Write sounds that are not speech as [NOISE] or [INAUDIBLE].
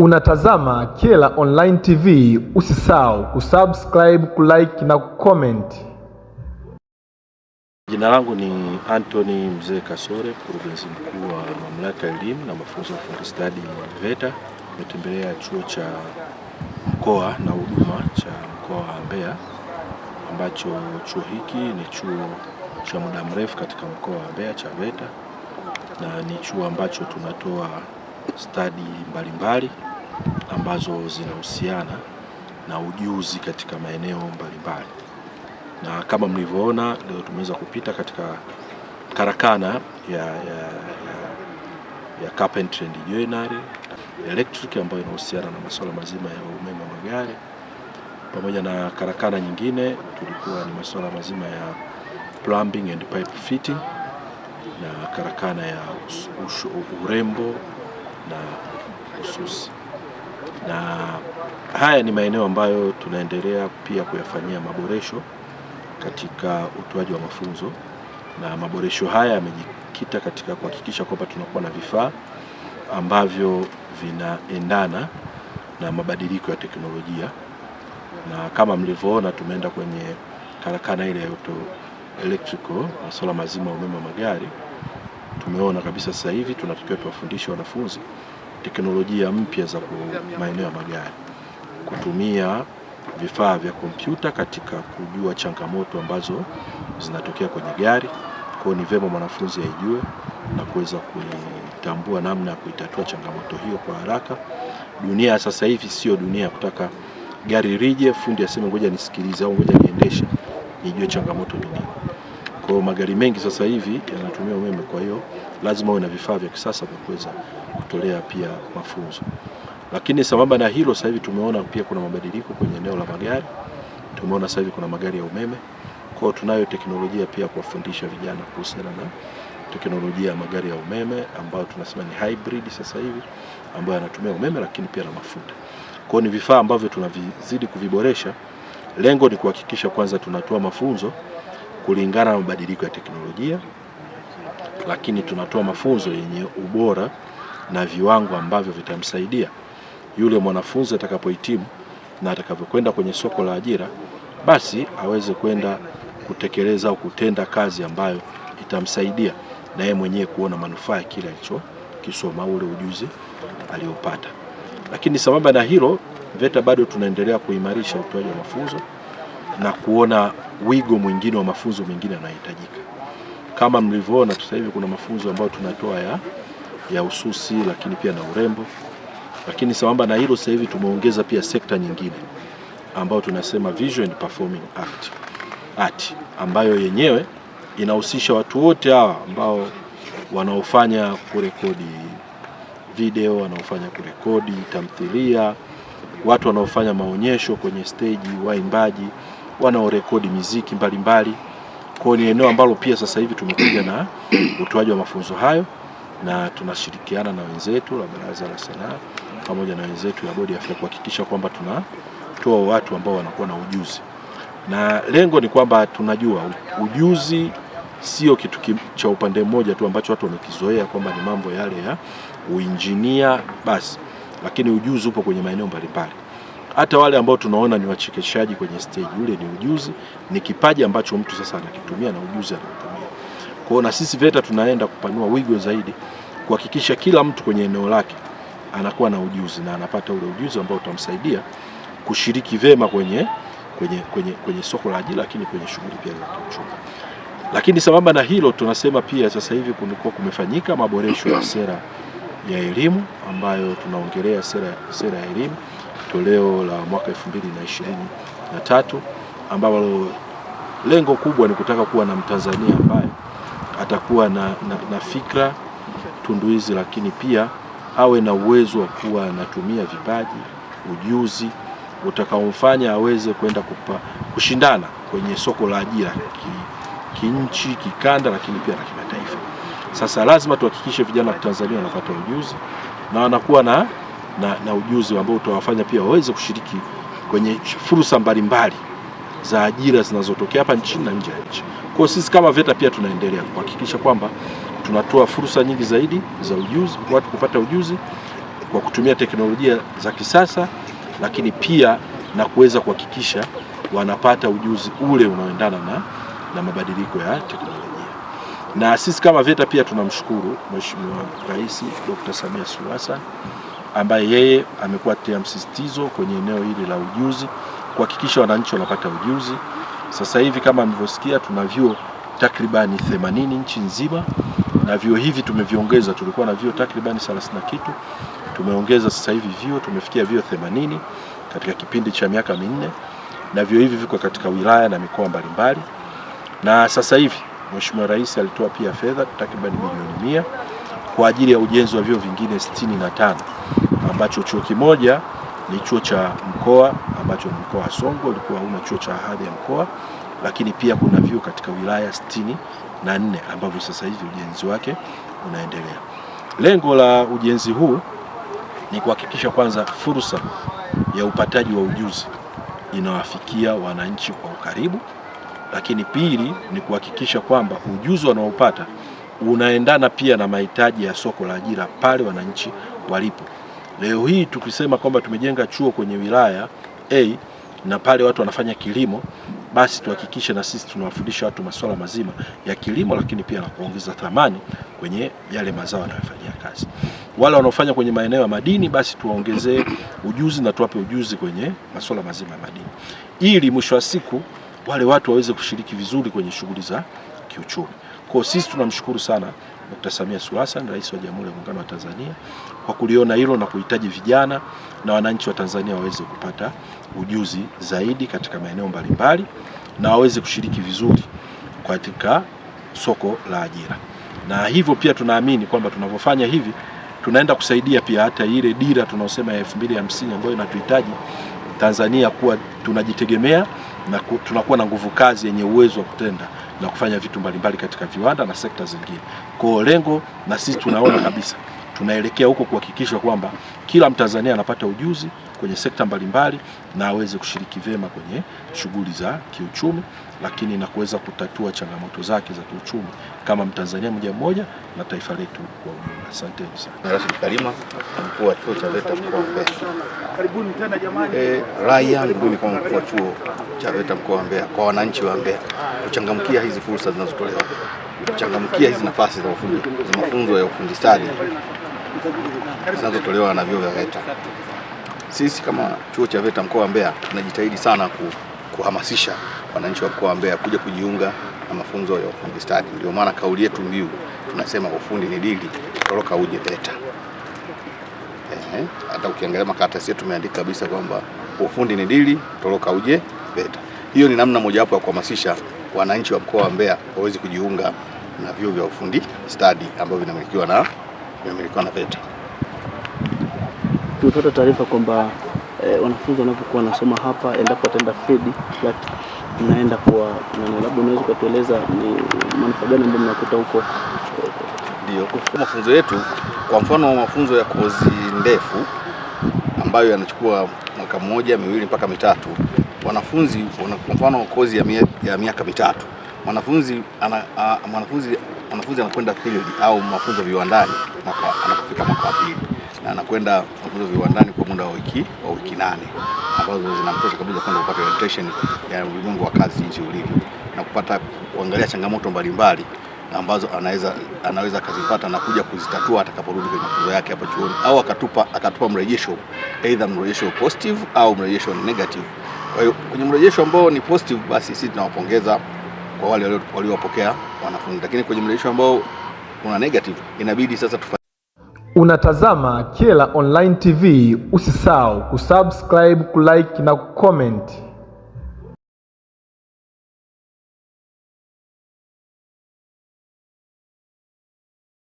Unatazama Kyela Online TV, usisahau kusubscribe, kulike na kucomment. Jina langu ni Anthony Mzee Kasore, mkurugenzi mkuu wa Mamlaka ya Elimu na Mafunzo ya Ufundi Stadi VETA. Nimetembelea chuo cha mkoa na huduma cha mkoa wa Mbeya, ambacho chuo hiki ni chuo cha muda mrefu katika mkoa wa Mbeya cha VETA, na ni chuo ambacho tunatoa stadi mbalimbali ambazo zinahusiana na ujuzi katika maeneo mbalimbali, na kama mlivyoona leo tumeweza kupita katika karakana ya, ya, ya carpentry and joinery electric ambayo inahusiana na masuala mazima ya umeme wa magari, pamoja na karakana nyingine tulikuwa ni masuala mazima ya plumbing and pipe fitting na karakana ya urembo na ususi na haya ni maeneo ambayo tunaendelea pia kuyafanyia maboresho katika utoaji wa mafunzo, na maboresho haya yamejikita katika kuhakikisha kwamba tunakuwa na vifaa ambavyo vinaendana na mabadiliko ya teknolojia, na kama mlivyoona tumeenda kwenye karakana ile ya auto electrical, masuala mazima ya umeme wa magari, tumeona kabisa sasa hivi tunatakiwa tuwafundishe wanafunzi teknolojia mpya za maeneo ya magari, kutumia vifaa vya kompyuta katika kujua changamoto ambazo zinatokea kwenye gari. Kwa ni vyema mwanafunzi aijue na kuweza kuitambua namna ya kuitatua changamoto hiyo kwa haraka. Dunia sasa hivi sio dunia ya kutaka gari lije fundi aseme ngoja nisikilize au ngoja niendeshe nijue changamoto ni nini. Kwa hiyo magari mengi sasa hivi yanatumia umeme, kwa hiyo lazima uwe na vifaa vya kisasa vya kuweza kutolea pia mafunzo. Lakini sambamba na hilo, sasa hivi tumeona pia kuna mabadiliko kwenye eneo la magari. Tumeona sasa hivi kuna magari ya umeme, kwa hiyo tunayo teknolojia pia kuwafundisha vijana kuhusiana na teknolojia ya magari ya umeme ambayo tunasema ni hybrid sasa hivi, ambayo yanatumia umeme lakini pia na mafuta. Kwa hiyo ni vifaa ambavyo tunavizidi kuviboresha. Lengo ni kuhakikisha kwanza tunatoa mafunzo kulingana na mabadiliko ya teknolojia, lakini tunatoa mafunzo yenye ubora na viwango ambavyo vitamsaidia yule mwanafunzi atakapohitimu na atakavyokwenda kwenye soko la ajira, basi aweze kwenda kutekeleza au kutenda kazi ambayo itamsaidia na yeye mwenyewe kuona manufaa ya kile alichokisoma, ule ujuzi aliopata. Lakini sambamba na hilo, VETA bado tunaendelea kuimarisha utoaji wa mafunzo na kuona wigo mwingine wa mafunzo mengine yanayohitajika. Kama mlivyoona sasa hivi kuna mafunzo ambayo tunatoa ya ya ususi, lakini pia na urembo. Lakini sambamba na hilo, sasa hivi tumeongeza pia sekta nyingine ambayo tunasema visual and performing art, art ambayo yenyewe inahusisha watu wote hawa ambao wanaofanya kurekodi video, wanaofanya kurekodi tamthilia, watu wanaofanya maonyesho kwenye steji, waimbaji wanaorekodi miziki mbalimbali. Kwa hiyo ni eneo ambalo pia sasa hivi tumekuja na [COUGHS] utoaji wa mafunzo hayo na tunashirikiana na wenzetu la Baraza la Sanaa pamoja na wenzetu ya Bodi ya Afya kuhakikisha kwamba tunatoa watu ambao wanakuwa na ujuzi, na lengo ni kwamba tunajua ujuzi sio kitu cha upande mmoja tu ambacho watu wamekizoea kwamba ni mambo yale ya uinjinia basi, lakini ujuzi upo kwenye maeneo mbalimbali. Hata wale ambao tunaona ni wachekeshaji kwenye stage, ule ni ujuzi, ni kipaji ambacho mtu sasa anakitumia na ujuzi anautumia kwao, na sisi VETA tunaenda kupanua wigo zaidi kuhakikisha kila mtu kwenye eneo lake anakuwa na ujuzi na anapata ule ujuzi ambao utamsaidia kushiriki vema kwenye, kwenye, kwenye, kwenye soko la ajira, lakini kwenye shughuli pia za kiuchumi. Lakini sambamba na hilo, tunasema pia sasa hivi kumekuwa kumefanyika maboresho ya sera ya elimu ambayo tunaongelea sera, sera ya elimu toleo la mwaka 2023 ambalo lengo kubwa ni kutaka kuwa na Mtanzania ambaye atakuwa na, na, na fikra tunduizi, lakini pia awe na uwezo wa kuwa anatumia vipaji, ujuzi utakaomfanya aweze kwenda kushindana kwenye soko la ajira kinchi, ki kikanda, lakini pia na kimataifa. Sasa lazima tuhakikishe vijana wa Tanzania wanapata ujuzi na wanakuwa na, na, na ujuzi ambao utawafanya pia waweze kushiriki kwenye fursa mbalimbali za ajira zinazotokea hapa nchini na nje ya nchi. Kwa sisi kama VETA pia tunaendelea kuhakikisha kwamba tunatoa fursa nyingi zaidi za ujuzi, watu kupata ujuzi kwa kutumia teknolojia za kisasa, lakini pia na kuweza kuhakikisha wanapata ujuzi ule unaoendana na, na mabadiliko ya teknolojia. Na sisi kama VETA pia tunamshukuru Mheshimiwa Rais Dr. Samia Suluhu Hassan ambaye yeye amekuwa tia msisitizo kwenye eneo hili la ujuzi kuhakikisha wananchi wanapata ujuzi. Sasa hivi kama mlivyosikia, tuna vyuo takribani 80 nchi nzima, na vyuo hivi tumeviongeza. Tulikuwa na vyuo takribani 30 na kitu, tumeongeza sasa hivi vyuo, tumefikia vyuo 80 katika kipindi cha miaka minne, na vyuo hivi viko katika wilaya na mikoa mbalimbali. Na sasa hivi Mheshimiwa Rais alitoa pia fedha takribani milioni mia kwa ajili ya ujenzi wa vyuo vingine 65 ambacho chuo kimoja ni chuo cha mkoa ambacho ni mkoa wa Songwe ulikuwa una chuo cha hadhi ya mkoa, lakini pia kuna vyuo katika wilaya sitini na nne ambavyo sasa hivi ujenzi wake unaendelea. Lengo la ujenzi huu ni kuhakikisha kwanza fursa ya upataji wa ujuzi inawafikia wananchi kwa ukaribu, lakini pili ni kuhakikisha kwamba ujuzi wanaopata unaendana pia na mahitaji ya soko la ajira pale wananchi walipo. Leo hii tukisema kwamba tumejenga chuo kwenye wilaya A na pale watu wanafanya kilimo, basi tuhakikishe na sisi tunawafundisha watu masuala mazima ya kilimo, lakini pia na kuongeza thamani kwenye yale mazao yanayofanyia kazi. Wale wanaofanya kwenye maeneo ya madini, basi tuwaongezee ujuzi na tuwape ujuzi kwenye masuala mazima ya madini, ili mwisho wa siku wale watu waweze kushiriki vizuri kwenye shughuli za kiuchumi. Kwa sisi tunamshukuru sana Dkt. Samia Suluhu Hassan, Rais wa Jamhuri ya Muungano wa Tanzania kwa kuliona hilo na kuhitaji vijana na wananchi wa Tanzania waweze kupata ujuzi zaidi katika maeneo mbalimbali na waweze kushiriki vizuri katika soko la ajira. Na hivyo pia tunaamini kwamba tunavyofanya hivi tunaenda kusaidia pia hata ile dira tunaosema ya 2050 ambayo inatuhitaji Tanzania kuwa tunajitegemea na ku, tunakuwa na nguvu kazi yenye uwezo wa kutenda na kufanya vitu mbalimbali katika viwanda na sekta zingine. Kwa lengo na sisi tunaona kabisa tunaelekea huko kuhakikisha kwamba kila Mtanzania anapata ujuzi kwenye sekta mbalimbali na aweze kushiriki vyema kwenye shughuli za kiuchumi, lakini na kuweza kutatua changamoto zake za kiuchumi kama Mtanzania mmoja mmoja na taifa letu kwa ujumla. Asanteni sana. Rashid Karima, mkuu wa chuo cha VETA mkoa wa Mbeya. Karibuni tena jamani. Eh, rai yangu ni kwa mkuu wa chuo cha VETA mkoa wa Mbeya, kwa wananchi wa Mbeya kuchangamkia hizi fursa zinazotolewa, kuchangamkia hizi nafasi za mafunzo ya ufundi stadi zinazotolewa na vyuo vya VETA. Sisi kama chuo cha VETA mkoa wa Mbeya tunajitahidi sana kuhamasisha wananchi wa mkoa wa Mbeya kuja kujiunga na mafunzo ya ufundi stadi. Ndio maana kauli yetu mbiu tunasema ufundi ni dili, toroka uje VETA. Ehe, hata ukiangalia makaratasi yetu tumeandika kabisa kwamba ufundi ni dili, toroka uje VETA. Hiyo ni namna mojawapo ya kuhamasisha wananchi wa mkoa wa Mbeya waweze kujiunga na vyuo vya ufundi stadi ambavyo vinamilikiwa na vinamilikiwa na VETA. Tumepata taarifa kwamba eh, wanafunzi wanapokuwa wanasoma hapa, endapo wataenda fedi lati mnaenda kuwa nani, labda unaweza ukatueleza ni manufaa gani ambayo mnakuta huko? Ndio, mafunzo yetu, kwa mfano mafunzo ya kozi ndefu ambayo yanachukua mwaka mmoja miwili mpaka mitatu, wanafunzi kwa mfano kozi ya, mie, ya miaka mitatu mwanafunzi mwanafunzi anakwenda field au mafunzo viwandani anapofika mwaka wa pili na anakwenda kuuzwa viwandani kwa muda wa wiki wa wiki nane ambazo zinamtosha kabisa kwenda kupata orientation ya ulimwengu wa kazi jinsi ulivyo na kupata kuangalia changamoto mbalimbali ambazo anaweza anaweza akazipata na kuja kuzitatua atakaporudi kwenye mafunzo yake hapa chuoni, au akatupa akatupa mrejesho, either mrejesho positive au mrejesho negative. Kwa hiyo kwenye mrejesho ambao ni positive, basi sisi tunawapongeza kwa wale waliowapokea wanafunzi, lakini kwenye mrejesho ambao kuna negative inabidi sasa tufa. Unatazama Kyela Online TV, usisahau kusubscribe, kulike na kucomment.